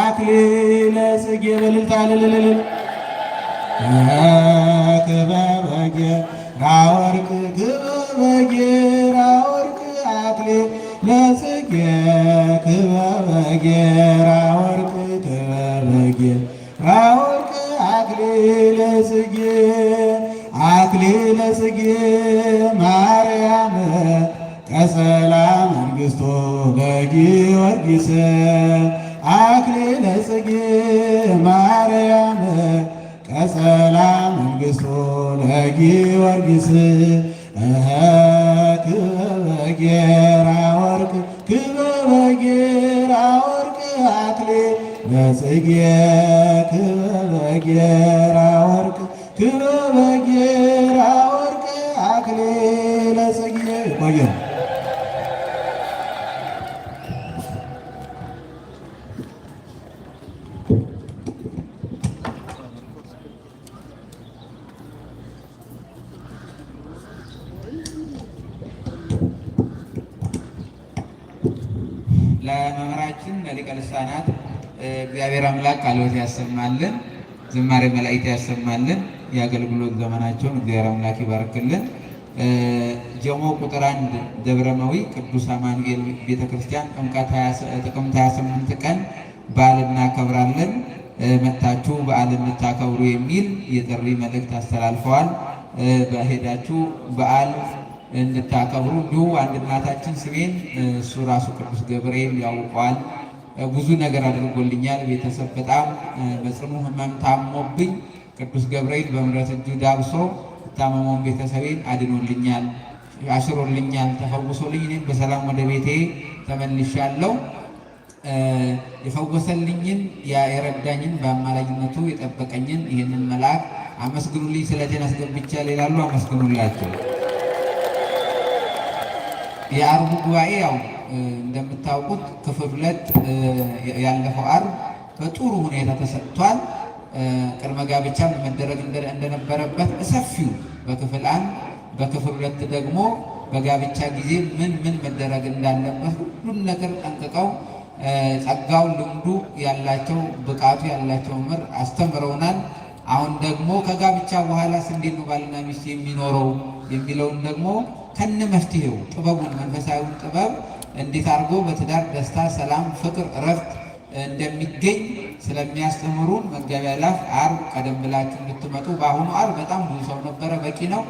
አክሊለ ጽጌ በልልታ ልልልል ክበበጌ ራወርቅ ክበበጌ ራወርቅ አክሊለ ጽጌ ክበበጌ ራወርቅ ክበበጌ ራወርቅ አክሊለ ጽጌ አክሊለ ጽጌ ማርያም ቀጸላ መንግሥቶ በጊዮርጊስ አክሊለ ጽጌ ማርያም ቀጸላ መንግሥቱ ለጊዮርጊስ ክበበጌራ ወርቅ ክበበጌራ ወርቅ አክሊለ ጽጌ ወርቅ ወርቅ አክሊለ ጽጌ ቃሎት ያሰማልን፣ ዝማሬ መላእክት ያሰማልን። የአገልግሎት ዘመናቸውን እግዚአብሔር አምላክ ይባርክልን። ጀሞ ቁጥር አንድ ደብረመዊ ቅዱስ አማኑኤል ቤተክርስቲያን ጥቅምት 28 ቀን በዓል እናከብራለን፣ መታችሁ በዓል እንታከብሩ የሚል የጥሪ መልእክት አስተላልፈዋል። በሄዳችሁ በዓል እንድታከብሩ እንዲሁ አንድ እናታችን ስሜን እሱ ራሱ ቅዱስ ገብርኤል ያውቀዋል ብዙ ነገር አድርጎልኛል። ቤተሰብ በጣም በጽኑ ህመም ታሞብኝ ቅዱስ ገብርኤል በምሕረት እጁ ዳብሶ ታመመውን ቤተሰቤን አድኖልኛል፣ አሽሮልኛል፣ ተፈውሶልኝ እኔም በሰላም ወደ ቤቴ ተመልሻለሁ። የፈወሰልኝን የረዳኝን በአማላጅነቱ የጠበቀኝን ይህንን መልአክ አመስግኑልኝ፣ ስለቴን አስገብቻለሁ ይላሉ። አመስግኑላቸው። የአርቡ ጉባኤ ያው እንደምታውቁት ክፍል ሁለት ያለፈው አርብ በጥሩ ሁኔታ ተሰጥቷል። ቅድመ ጋብቻ መደረግ እንደነበረበት እሰፊው በክፍል አንድ፣ በክፍል ሁለት ደግሞ በጋብቻ ጊዜ ምን ምን መደረግ እንዳለበት ሁሉን ነገር ጠንቅቀው ጸጋው ልምዱ ያላቸው ብቃቱ ያላቸው ምር አስተምረውናል። አሁን ደግሞ ከጋብቻ በኋላ እንዴት ነው ባልና ሚስት የሚኖረው የሚለውን ደግሞ ከነ መፍትሄው ጥበቡን መንፈሳዊውን ጥበብ እንዴት አድርጎ በትዳር ደስታ፣ ሰላም፣ ፍቅር፣ እረፍት እንደሚገኝ ስለሚያስተምሩን መጋቢያ ላፍ አር ቀደም ብላችሁ እንድትመጡ። በአሁኑ አር በጣም ብዙ ሰው ነበረ፣ በቂ ነው።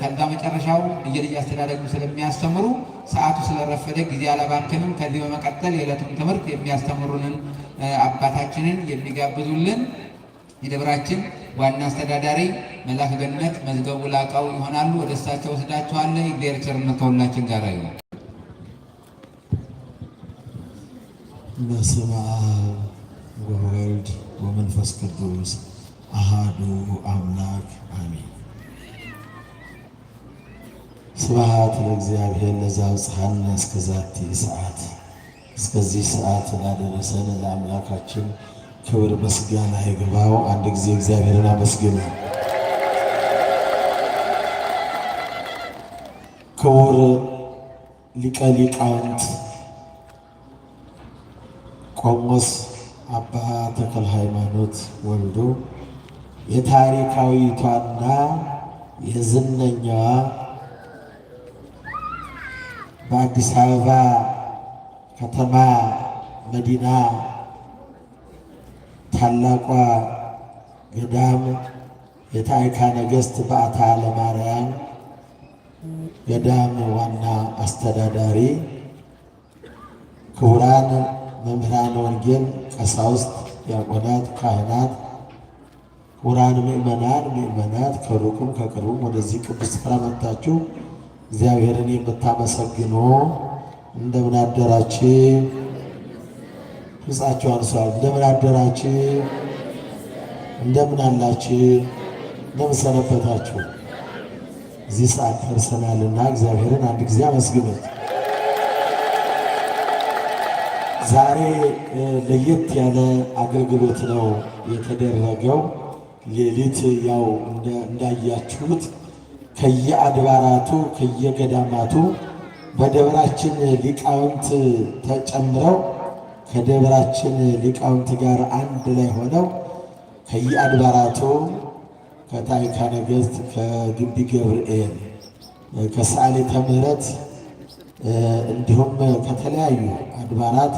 ከዛ መጨረሻው የልጅ አስተዳደጉ ስለሚያስተምሩ ሰዓቱ ስለረፈደ ጊዜ አለባክንም። ከዚህ በመቀጠል የዕለቱን ትምህርት የሚያስተምሩንን አባታችንን የሚጋብዙልን የደብራችን ዋና አስተዳዳሪ መላክ ገነት መዝገቡ ላቃው ይሆናሉ። ወደ እሳቸው ወስዳችኋለሁ። ቸርነት ከሁላችን ጋር ይሁን። በስመ አብ ወወልድ ወመንፈስ ቅዱስ አሃዱ አምላክ አሜን። ስብሐት ለእግዚአብሔር ዘአብጽሐነ እስከ ዛቲ ሰዓት፣ እስከዚህ ሰዓት ላደረሰን ለአምላካችን ክብር ምስጋና ይግባው። አንድ ጊዜ እግዚአብሔርን አመስግኑ። ክቡር ሊቀ ሊቃውንት ቆሞስ አባ ተክለ ሃይማኖት ወልዱ የታሪካዊቷና የዝነኛዋ በአዲስ አበባ ከተማ መዲና ታላቋ ገዳም የታዕካ ነገሥት በዓታ ለማርያም ገዳም ዋና አስተዳዳሪ ክቡራን መምህራን ወንጌል፣ ቀሳውስት፣ ዲያቆናት፣ ካህናት፣ ውራን ምእመናን፣ ምእመናት ከሩቁም ከቅርቡም ወደዚህ ቅዱስ ስፍራ መጥታችሁ እግዚአብሔርን የምታመሰግኑ እንደምን አደራችሁ? ፍጻችሁ አንሷል። እንደምን አደራችሁ? እንደምን አላችሁ? እንደምን ሰነበታችሁ? እዚህ ሰዓት ደርሰናልና እግዚአብሔርን አንድ ጊዜ አመስግኑት። ዛሬ ለየት ያለ አገልግሎት ነው የተደረገው። ሌሊት ያው እንዳያችሁት ከየአድባራቱ ከየገዳማቱ በደብራችን ሊቃውንት ተጨምረው ከደብራችን ሊቃውንት ጋር አንድ ላይ ሆነው ከየአድባራቱ ከታዕካ ነገሥት ከግቢ ገብርኤል ከሰዓሊተ ምሕረት እንዲሁም ከተለያዩ አድባራት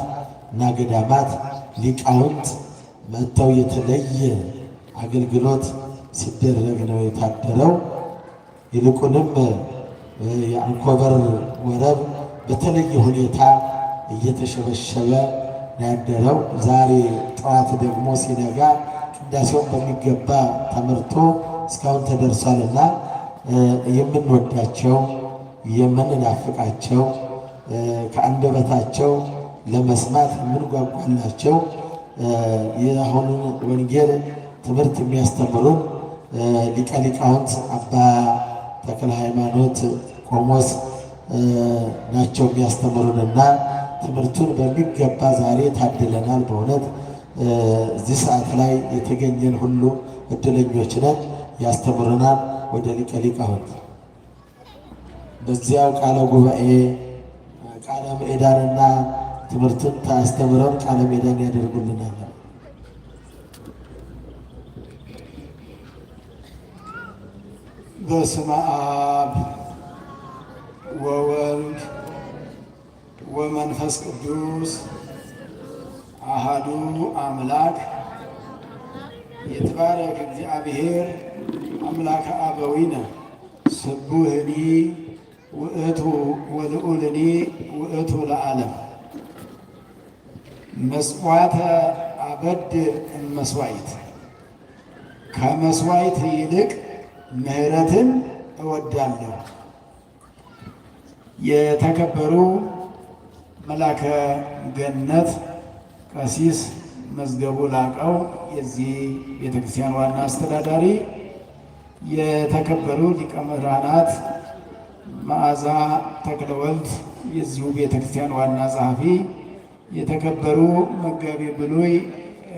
እና ገዳማት ሊቃውንት መጥተው የተለየ አገልግሎት ሲደረግ ነው የታደረው። ይልቁንም የአንኮበር ወረብ በተለየ ሁኔታ እየተሸበሸበ ያደረው። ዛሬ ጠዋት ደግሞ ሲነጋ ቅዳሴውን በሚገባ ተመርቶ እስካሁን ተደርሷልና የምንወዳቸው የምንናፍቃቸው ከአንደበታቸው ለመስማት የምንጓጓላቸው የአሁኑን ወንጌል ትምህርት የሚያስተምሩ ሊቀ ሊቃውንት አባ ተክለ ሃይማኖት ቆሞስ ናቸው የሚያስተምሩንና ትምህርቱን በሚገባ ዛሬ ታድለናል። በእውነት እዚህ ሰዓት ላይ የተገኘን ሁሉ እድለኞች ነን። ያስተምሩናል። ወደ ሊቀ ሊቃውንት በዚያው ቃለ ጉባኤ ቃለ ምዕዳንና ትምህርትን ታስተምረን ቃለ ሜዳን ያደርጉልናል። በስመ አብ ወወልድ ወመንፈስ ቅዱስ አሃዱ አምላክ ይትባረክ እግዚአብሔር አምላከ አበዊነ ስቡህኒ ውእቱ ወልዑልኒ ውእቱ ለዓለም ምጽዋተ አበድ እመስዋይት ከመስዋይት ይልቅ ምሕረትን እወዳለሁ። የተከበሩ መላከ ገነት ቀሲስ መዝገቡ ላቀው የዚህ ቤተ ክርስቲያን ዋና አስተዳዳሪ፣ የተከበሩ ሊቀ መራናት መዓዛ ተክለወልድ የዚሁ ቤተ ክርስቲያን ዋና ጸሐፊ የተከበሩ መጋቤ ብሉይ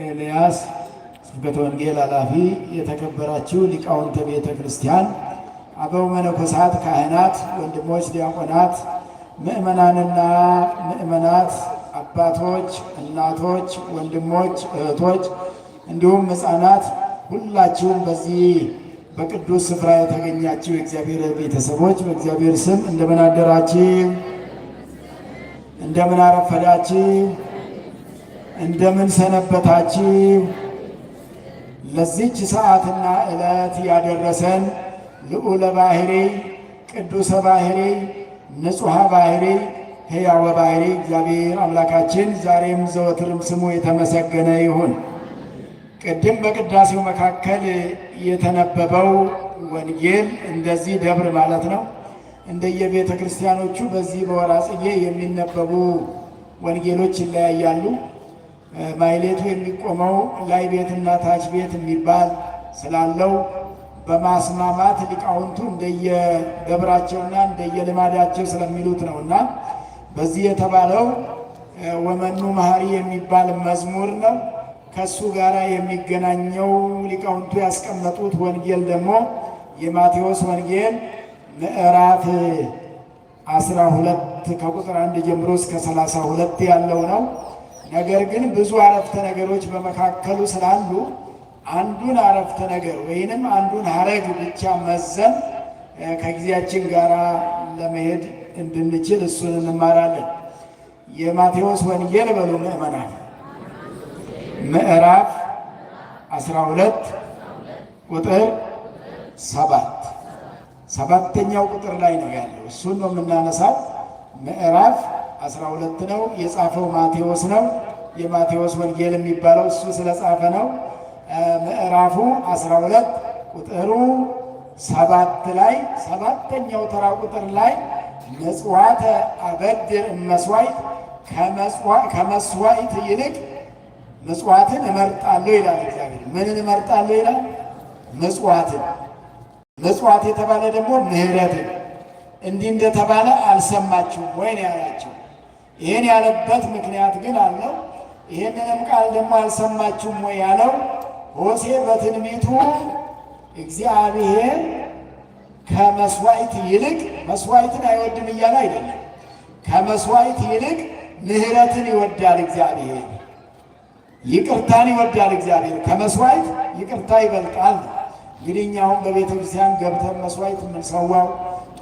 ኤልያስ ስብከተ ወንጌል ኃላፊ፣ የተከበራችሁ ሊቃውንተ ቤተ ክርስቲያን፣ አበው መነኮሳት፣ ካህናት፣ ወንድሞች ዲያቆናት፣ ምእመናንና ምእመናት፣ አባቶች፣ እናቶች፣ ወንድሞች፣ እህቶች እንዲሁም ሕፃናት ሁላችሁም በዚህ በቅዱስ ስፍራ የተገኛችሁ የእግዚአብሔር ቤተሰቦች በእግዚአብሔር ስም እንደምን አደራችሁ? እንደምን አረፈዳችሁ፣ እንደምን ሰነበታችሁ። ለዚች ሰዓትና ዕለት ያደረሰን ልዑለ ባሕሪ፣ ቅዱሰ ባሕሪ፣ ንጹሐ ባሕሪ፣ ሕያወ ባሕሪ እግዚአብሔር አምላካችን ዛሬም ዘወትርም ስሙ የተመሰገነ ይሁን። ቅድም በቅዳሴው መካከል የተነበበው ወንጌል እንደዚህ ደብር ማለት ነው እንደየቤተ ክርስቲያኖቹ በዚህ በወራጽዬ የሚነበቡ ወንጌሎች ይለያያሉ። ማይሌቱ የሚቆመው ላይ ቤትና ታች ቤት የሚባል ስላለው በማስማማት ሊቃውንቱ እንደየደብራቸውና እንደየልማዳቸው ስለሚሉት ነው እና በዚህ የተባለው ወመኑ መሐሪ የሚባል መዝሙር ነው። ከሱ ጋር የሚገናኘው ሊቃውንቱ ያስቀመጡት ወንጌል ደግሞ የማቴዎስ ወንጌል ምዕራፍ አስራ ሁለት ከቁጥር አንድ ጀምሮ እስከ ሰላሳ ሁለት ያለው ነው። ነገር ግን ብዙ አረፍተ ነገሮች በመካከሉ ስላሉ አንዱን አረፍተ ነገር ወይንም አንዱን ሀረግ ብቻ መዘን ከጊዜያችን ጋር ለመሄድ እንድንችል እሱን እንማራለን። የማቴዎስ ወንጌል በሉ ምዕመናን ምዕራፍ አስራ ሁለት ቁጥር ሰባት ሰባተኛው ቁጥር ላይ ነው ያለው። እሱን ነው የምናነሳው። ምዕራፍ አስራ ሁለት ነው የጻፈው ማቴዎስ ነው። የማቴዎስ ወንጌል የሚባለው እሱ ስለጻፈ ነው። ምዕራፉ አስራ ሁለት ቁጥሩ ሰባት ላይ ሰባተኛው ተራ ቁጥር ላይ መጽዋተ አበድር እመስዋይት ከመስዋይት ይልቅ ምጽዋትን እመርጣለሁ ይላል እግዚአብሔር። ምንን እመርጣለሁ ይላል? ምጽዋትን ምጽዋት የተባለ ደግሞ ምህረት እንዲህ እንደተባለ አልሰማችሁም ወይን ያላቸው። ይህን ያለበት ምክንያት ግን አለው። ይህንንም ቃል ደግሞ አልሰማችሁም ወይ ያለው ሆሴ በትንቢቱ እግዚአብሔር ከመስዋዕት ይልቅ መስዋዕትን አይወድም እያለ አይደለም። ከመስዋዕት ይልቅ ምህረትን ይወዳል እግዚአብሔር፣ ይቅርታን ይወዳል እግዚአብሔር። ከመስዋዕት ይቅርታ ይበልጣል ነው እንግዲህ አሁን በቤተ ክርስቲያን ገብተን መስዋዕት የምንሰዋው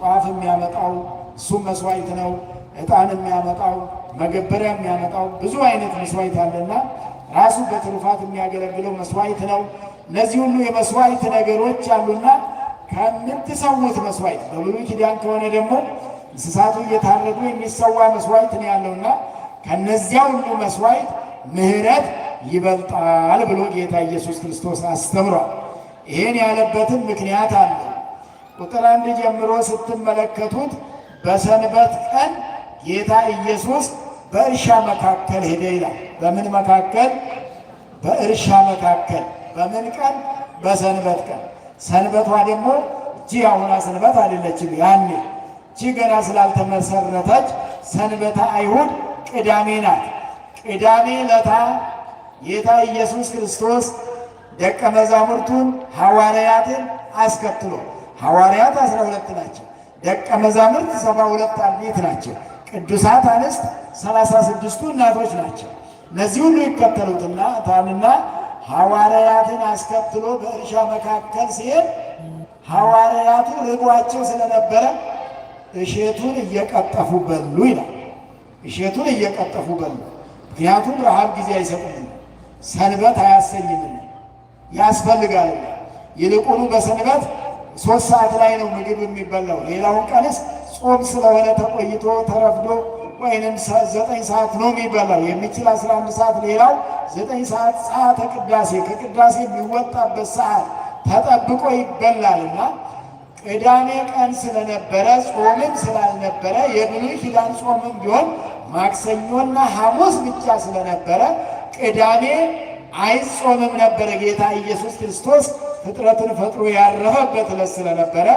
ጧፍ የሚያመጣው እሱ መስዋዕት ነው። ዕጣን የሚያመጣው መገበሪያ የሚያመጣው ብዙ አይነት መስዋዕት አለና ራሱ በትሩፋት የሚያገለግለው መስዋዕት ነው። እነዚህ ሁሉ የመስዋዕት ነገሮች አሉና ከምትሰውት መስዋዕት በብሉይ ኪዳን ከሆነ ደግሞ እንስሳቱ እየታረዱ የሚሰዋ መስዋዕት ነው ያለውና ከነዚያ ሁሉ መስዋዕት ምሕረት ይበልጣል ብሎ ጌታ ኢየሱስ ክርስቶስ አስተምሯል። ይህን ያለበትም ምክንያት አለ። ቁጥር አንድ ጀምሮ ስትመለከቱት በሰንበት ቀን ጌታ ኢየሱስ በእርሻ መካከል ሄደ ይላል። በምን መካከል? በእርሻ መካከል። በምን ቀን? በሰንበት ቀን። ሰንበቷ ደግሞ እጅ አሁና ሰንበት አይደለችም። ያኔ እጅ ገና ስላልተመሰረተች ሰንበተ አይሁድ ቅዳሜ ናት። ቅዳሜ ለታ ጌታ ኢየሱስ ክርስቶስ ደቀ መዛሙርቱን ሐዋርያትን አስከትሎ ሐዋርያት አስራ ሁለት ናቸው። ደቀ መዛሙርት ሰባ ሁለት አልቤት ናቸው። ቅዱሳት አንስት ሰላሳ ስድስቱ እናቶች ናቸው። እነዚህ ሁሉ ይከተሉትና ታንና ሐዋርያትን አስከትሎ በእርሻ መካከል ሲሄድ ሐዋርያቱ ርቧቸው ስለነበረ እሼቱን እየቀጠፉ በሉ ይላል። እሼቱን እየቀጠፉ በሉ። ምክንያቱም ረሃብ ጊዜ አይሰጡም፣ ሰንበት አያሰኝም። ያስፈልጋል። ይልቁኑ በሰንበት ሶስት ሰዓት ላይ ነው ምግብ የሚበላው። ሌላውን ቀንስ ጾም ስለሆነ ተቆይቶ ተረፍዶ ወይንም ዘጠኝ ሰዓት ነው የሚበላው። የሚችል አስራ አንድ ሰዓት ሌላው ዘጠኝ ሰዓት ሰዓተ ቅዳሴ ከቅዳሴ የሚወጣበት ሰዓት ተጠብቆ ይበላልና ቅዳሜ ቀን ስለነበረ ጾምም ስላልነበረ የብሉይ ኪዳን ጾምም ቢሆን ማክሰኞና ሐሙስ ብቻ ስለነበረ ቅዳሜ አይጾምም ነበረ። ጌታ ኢየሱስ ክርስቶስ ፍጥረትን ፈጥሮ ያረፈበት ዕለት ስለነበረ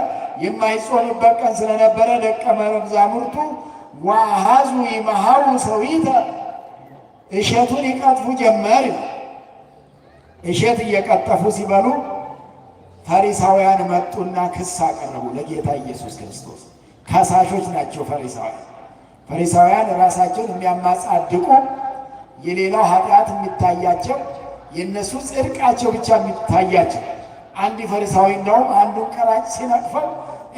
የማይጾምበት ቀን ስለነበረ ደቀ መዛሙርቱ ዋሃዙ ይመሃው ሰዊተ እሸቱን ይቀጥፉ ጀመር። እሸት እየቀጠፉ ሲበሉ ፈሪሳውያን መጡና ክስ አቀረቡ ለጌታ ኢየሱስ ክርስቶስ። ከሳሾች ናቸው ፈሪሳውያን። ፈሪሳውያን ራሳቸውን የሚያማጻድቁ የሌላው ኃጢአት የሚታያቸው የእነሱ ጽድቃቸው ብቻ የሚታያቸው። አንድ ፈሪሳዊ እንደውም አንዱን ቀራጭ ሲነቅፈው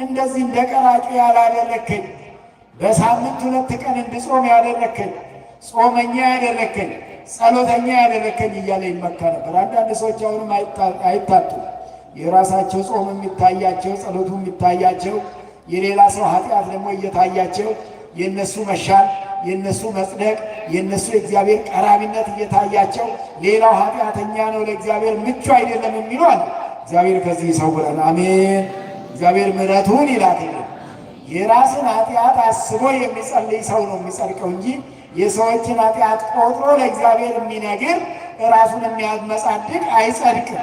እንደዚህ እንደ ቀራጩ ያላደረክን፣ በሳምንት ሁለት ቀን እንድጾም ያደረክን፣ ጾመኛ ያደረክን፣ ጸሎተኛ ያደረክን እያለ ይመካ ነበር። አንዳንድ ሰዎች አሁንም አይታጡም። የራሳቸው ጾም የሚታያቸው፣ ጸሎቱ የሚታያቸው፣ የሌላ ሰው ኃጢአት ደግሞ እየታያቸው የእነሱ መሻል፣ የእነሱ መጽደቅ፣ የእነሱ የእግዚአብሔር ቀራቢነት እየታያቸው ሌላው ኃጢአተኛ ነው ለእግዚአብሔር ምቹ አይደለም የሚሉ አለ። እግዚአብሔር ከዚህ ይሰውረን፣ አሜን። እግዚአብሔር ምሕረቱን ይላክ። የራስን ኃጢአት አስቦ የሚጸልይ ሰው ነው የሚጸድቀው እንጂ የሰዎችን ኃጢአት ቆጥሮ ለእግዚአብሔር የሚነግር ራሱን የሚያመጻድቅ አይጸድቅም።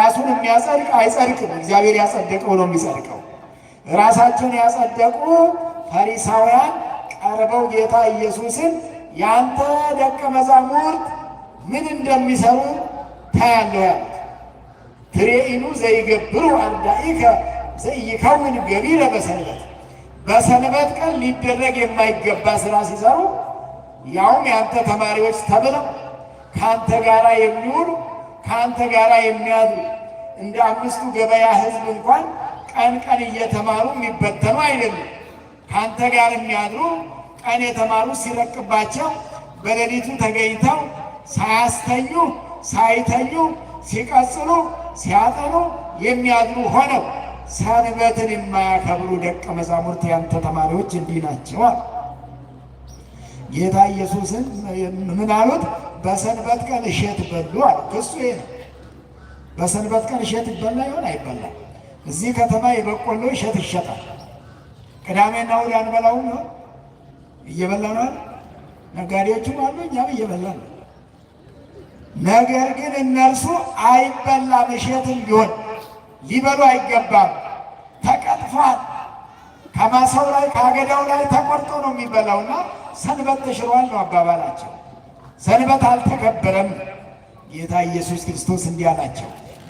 ራሱን የሚያጸድቅ አይጸድቅም። እግዚአብሔር ያጸደቀው ነው የሚጸድቀው። ራሳቸውን ያጸደቁ ፈሪሳውያን ቀርበው ጌታ ኢየሱስን የአንተ ደቀ መዛሙርት ምን እንደሚሰሩ ታያለህ ያሉት። ትሬኢኑ ዘይገብሩ አርዳኢከ ዘይከውን ገቢረ በሰንበት በሰንበት ቀን ሊደረግ የማይገባ ስራ ሲሰሩ ያውም የአንተ ተማሪዎች ተብለው ከአንተ ጋራ የሚውሉ ከአንተ ጋራ የሚያድሩ እንደ አምስቱ ገበያ ሕዝብ እንኳን ቀን ቀን እየተማሩ የሚበተኑ አይደሉም። ከአንተ ጋር የሚያድሩ ቀን የተማሩ ሲረቅባቸው በሌሊቱ ተገኝተው ሳያስተኙ ሳይተኙ ሲቀጽሉ ሲያጠኑ የሚያድሩ ሆነው ሰንበትን የማያከብሩ ደቀ መዛሙርት ያንተ ተማሪዎች እንዲህ ናቸዋል። ጌታ ኢየሱስን ምን አሉት? በሰንበት ቀን እሸት በሉ አለ። ክሱ ይሄ ነው። በሰንበት ቀን እሸት ይበላ ይሆን አይበላም? እዚህ ከተማ የበቆሎ እሸት ይሸጣል። ቅዳሜና እሑድ አንበላውም ነው እየበላ ነው። ነጋዴዎቹም አሉ፣ እኛም እየበላ ነው። ነገር ግን እነርሱ አይበላም፣ እሸትም ቢሆን ሊበሉ አይገባም። ተቀጥፏል። ከማሰው ላይ ከአገዳው ላይ ተቆርጦ ነው የሚበላውና ሰንበት ተሽሯል ነው አባባላቸው። ሰንበት አልተከበረም። ጌታ ኢየሱስ ክርስቶስ እንዲህ አላቸው፣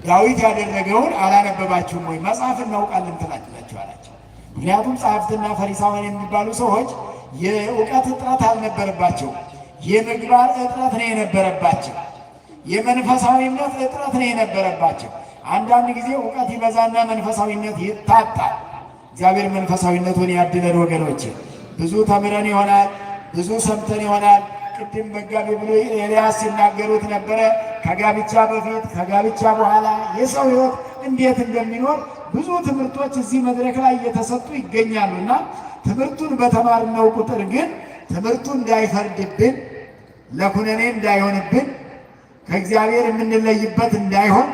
ዳዊት ያደረገውን አላነበባችሁም ወይ? መጽሐፍ እናውቃለን ትላላችሁ አላቸው። ምክንያቱም ጸሐፍትና ፈሪሳውያን የሚባሉ ሰዎች የእውቀት እጥረት አልነበረባቸው፣ የምግባር እጥረት ነው የነበረባቸው። የመንፈሳዊነት እጥረት ነው የነበረባቸው። አንዳንድ ጊዜ እውቀት ይበዛና መንፈሳዊነት ይታጣል። እግዚአብሔር መንፈሳዊነቱን ያድለን ወገኖች። ብዙ ተምረን ይሆናል፣ ብዙ ሰምተን ይሆናል። ቅድም መጋቢ ብሎ ኤልያስ ሲናገሩት ነበረ። ከጋብቻ በፊት ከጋብቻ በኋላ የሰው ሕይወት እንዴት እንደሚኖር ብዙ ትምህርቶች እዚህ መድረክ ላይ እየተሰጡ ይገኛሉና ትምህርቱን ትምህርቱን በተማርነው ቁጥር ግን ትምህርቱ እንዳይፈርድብን፣ ለኩነኔ እንዳይሆንብን፣ ከእግዚአብሔር የምንለይበት እንዳይሆን፣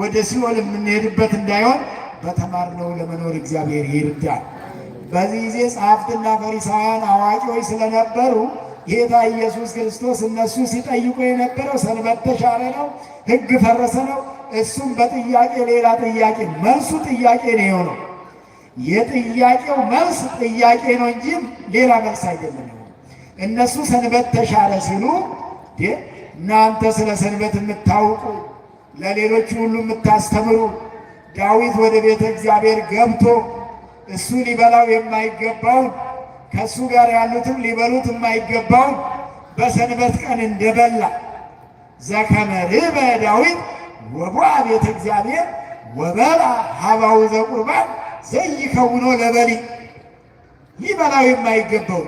ወደ ሲኦል የምንሄድበት እንዳይሆን በተማርነው ለመኖር እግዚአብሔር ይርዳል። በዚህ ጊዜ ጸሐፍትና ፈሪሳውያን አዋቂዎች ስለነበሩ ጌታ ኢየሱስ ክርስቶስ እነሱ ሲጠይቁ የነበረው ሰንበት ተሻረ ነው፣ ሕግ ፈረሰ ነው እሱም በጥያቄ ሌላ ጥያቄ መልሱ ጥያቄ ነው የሆነው። የጥያቄው መልስ ጥያቄ ነው እንጂ ሌላ መልስ አይደለም። እነሱ ሰንበት ተሻረ ሲሉ እናንተ ስለ ሰንበት የምታውቁ ለሌሎች ሁሉ የምታስተምሩ ዳዊት ወደ ቤተ እግዚአብሔር ገብቶ እሱ ሊበላው የማይገባውን ከእሱ ጋር ያሉትም ሊበሉት የማይገባውን በሰንበት ቀን እንደበላ ዘከመርህ በዳዊት ወቧ ቤተ እግዚአብሔር ወበላ ሀባው ዘቁርባን ዘይከውኖ ለበሊ ሊበላው የማይገባው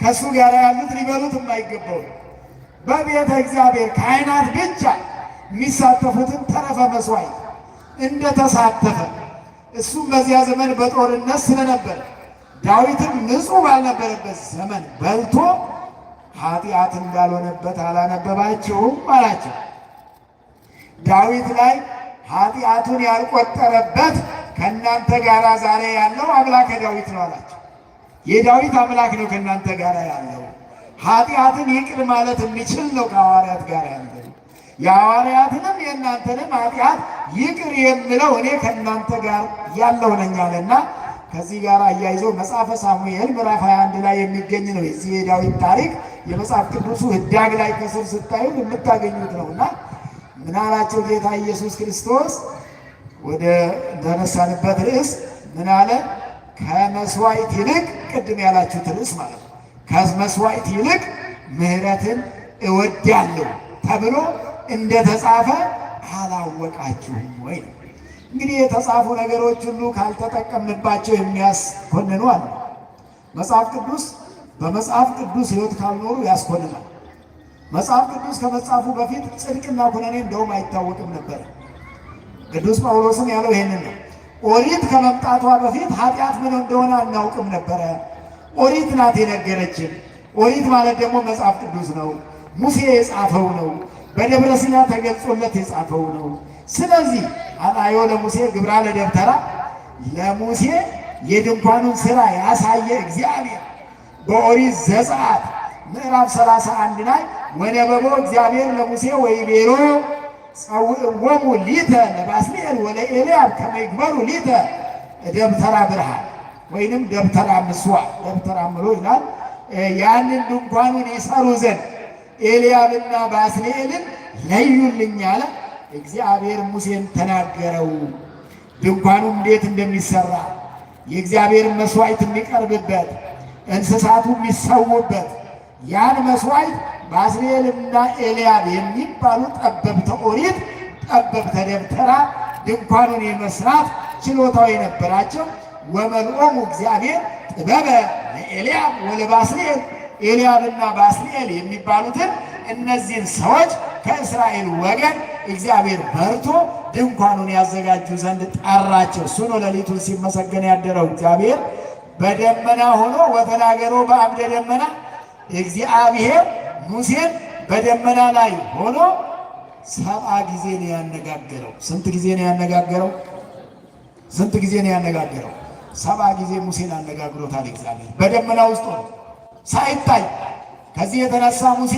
ከእሱ ጋር ያሉት ሊበሉት የማይገባው በቤተ እግዚአብሔር ካህናት ብቻ የሚሳተፉትን ተረፈ መስዋዕት እንደተሳተፈ እሱም በዚያ ዘመን በጦርነት ስለነበር ዳዊትም ንጹሕ ባልነበረበት ዘመን በልቶ ኃጢአት እንዳልሆነበት አላነበባቸውም አላቸው። ዳዊት ላይ ኃጢአቱን ያልቆጠረበት ከእናንተ ጋር ዛሬ ያለው አምላከ ዳዊት ነው አላቸው። የዳዊት አምላክ ነው ከእናንተ ጋር ያለው ኃጢአትን ይቅር ማለት የሚችል ነው ከሐዋርያት ጋር ያለ የሐዋርያትንም የእናንተንም ኃጢአት ይቅር የምለው እኔ ከእናንተ ጋር ያለው ነኛልና። ከዚህ ጋር አያይዞ መጽሐፈ ሳሙኤል ምዕራፍ 21 ላይ የሚገኝ ነው የዚህ የዳዊት ታሪክ የመጽሐፍ ቅዱሱ ህዳግ ላይ ከስር ስታዩ የምታገኙት ነውና ምን አላቸው ጌታ ኢየሱስ ክርስቶስ ወደ ተነሳንበት ርዕስ ምን አለ? ከመስዋዕት ይልቅ ቅድም ያላችሁት ርዕስ ማለት ነው። ከመስዋዕት ይልቅ ምሕረትን እወዳለሁ ተብሎ እንደተጻፈ አላወቃችሁም ወይ? እንግዲህ የተጻፉ ነገሮች ሁሉ ካልተጠቀምባቸው የሚያስኮንኑ አለ። መጽሐፍ ቅዱስ በመጽሐፍ ቅዱስ ሕይወት ካልኖሩ ያስኮንናል። መጽሐፍ ቅዱስ ከመጻፉ በፊት ጽድቅና ኩነኔ እንደውም አይታወቅም ነበር። ቅዱስ ጳውሎስም ያለው ይሄንን ነው። ኦሪት ከመምጣቷ በፊት ኃጢአት ምን እንደሆነ አናውቅም ነበረ። ኦሪት ናት የነገረችን። ኦሪት ማለት ደግሞ መጽሐፍ ቅዱስ ነው። ሙሴ የጻፈው ነው። በደብረ ሲና ተገልጾለት የጻፈው ነው። ስለዚህ አጣዮ ለሙሴ ግብራ ለደብተራ ለሙሴ የድንኳኑን ስራ ያሳየ እግዚአብሔር በኦሪት ዘጸአት ምዕራፍ 31 ላይ ወነበቦ እግዚአብሔር ለሙሴ ወይቤሎ ጸውዕዎሙ ሊተ ለባስልኤል ወለኤልያብ ከመ ይግበሩ ሊተ ደብተራ ብርሃን ወይንም ደብተራ ምስዋዕ ደብተራ ምሎ ይላል። ያንን ድንኳኑን ይሰሩ ዘንድ ኤልያብና ባስልኤልን ለዩልኝ አለ። እግዚአብሔር ሙሴን ተናገረው። ድንኳኑ እንዴት እንደሚሰራ የእግዚአብሔር መስዋዕት የሚቀርብበት እንስሳቱ የሚሰዉበት ያን መስዋዕት ባዝልኤልና ኤልያብ የሚባሉ ጠበብተ ኦሪት፣ ጠበብተ ደብተራ ድንኳኑን የመስራት ችሎታው የነበራቸው ወመልኦም እግዚአብሔር ጥበበ ለኤልያብ ወለባስልኤል ኤልያብና ባስልኤል የሚባሉትን እነዚህን ሰዎች ከእስራኤል ወገን እግዚአብሔር በርቶ ድንኳኑን ያዘጋጁ ዘንድ ጠራቸው። እሱ ነው ሌሊቱን ሲመሰገን ያደረው እግዚአብሔር በደመና ሆኖ ወተናገሮ በአምደ ደመና እግዚአብሔር ሙሴን በደመና ላይ ሆኖ ሰባ ጊዜ ነው ያነጋገረው። ስንት ጊዜ ነው ያነጋገረው? ስንት ጊዜ ነው ያነጋገረው? ሰባ ጊዜ ሙሴን አነጋግሮታል እግዚአብሔር በደመና ውስጥ ሆኖ ሳይታይ። ከዚህ የተነሳ ሙሴ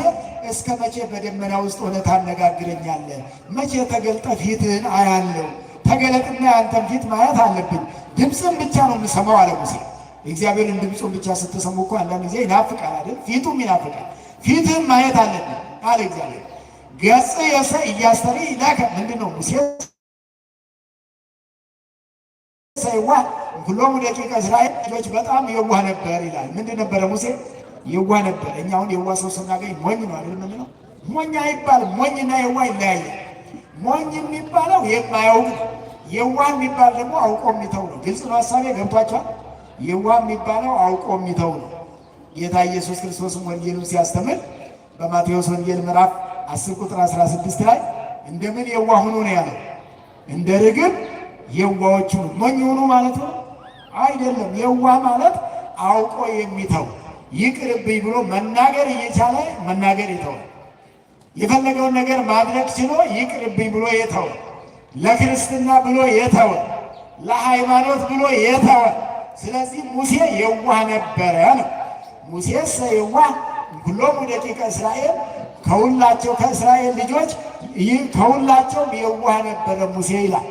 እስከ መቼ በደመና ውስጥ ሆነ ታነጋግረኛለህ? መቼ ተገልጠ ፊትህን አያለው? ተገለጥና ያንተን ፊት ማየት አለብኝ። ድምፅን ብቻ ነው የምሰማው አለ ሙሴ። እግዚአብሔርን ድምፁን ብቻ ስትሰሙ እኮ አንዳንድ ጊዜ ይናፍቃል አይደል? ፊቱም ይናፍቃል። ፊትህን ማየት አለን ቃል እግዚአብሔር ገጽ የሰ እያስተሪ ላከ ምንድን ነው ሙሴ ሰይዋ ሁሎም ደቂቀ እስራኤል ልጆች በጣም የዋህ ነበር ይላል። ምንድን ነበረ ሙሴ የዋህ ነበር። እኛ አሁን የዋህ ሰው ስናገኝ ሞኝ ነው አይደል? ምን ነው ሞኝ አይባልም። ሞኝና የዋህ ይለያያል። ሞኝ የሚባለው የማያውቅ ነው። የዋህ የሚባል ደግሞ አውቆ የሚተው ነው። ግልጽ ነው። ሀሳቤ ገብቷቸዋል። የዋህ የሚባለው አውቆ የሚተው ነው። ጌታ ኢየሱስ ክርስቶስም ወንጌሉን ሲያስተምር በማቴዎስ ወንጌል ምዕራፍ 10 ቁጥር 16 ላይ እንደምን የዋ ሁኑ ነው ያለው። እንደ ርግብ የዋዎች ሁኑ። ሞኝ ሁኑ ማለት ነው አይደለም። የዋህ ማለት አውቆ የሚተው ይቅርብኝ ብሎ መናገር እየቻለ መናገር ይተው፣ የፈለገውን ነገር ማድረግ ችሎ ይቅርብኝ ብሎ የተወ፣ ለክርስትና ብሎ የተወ፣ ለሃይማኖት ብሎ የተወ። ስለዚህ ሙሴ የዋህ ነበረ ነው። ሙሴስ ሰይዋ ሁሎም ደቂቀ እስራኤል ከሁላቸው ከእስራኤል ልጆች ይህ ከሁላቸውም የዋህ ነበረ ሙሴ ይላል።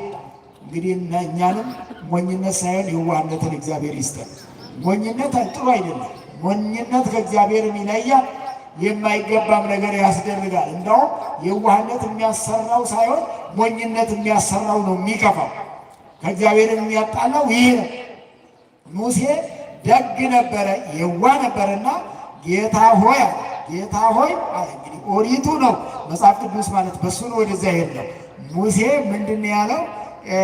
እንግዲህ እኛንም ሞኝነት ሳይሆን የዋህነትን እግዚአብሔር ይስጠን። ሞኝነት ጥሩ አይደለም። ሞኝነት ከእግዚአብሔር ይለያል፣ የማይገባም ነገር ያስደርጋል። እንደውም የዋህነት የሚያሰራው ሳይሆን ሞኝነት የሚያሰራው ነው የሚከፋው፣ ከእግዚአብሔር የሚያጣላው ይህ ነው ሙሴ ደግ ነበረ፣ የዋ ነበረና ጌታ ሆይ ጌታ ሆይ አለ። እንግዲህ ኦሪቱ ነው መጽሐፍ ቅዱስ ማለት በሱ ነው። ወደዚያ ሄድ ነው ሙሴ ምንድን ያለው?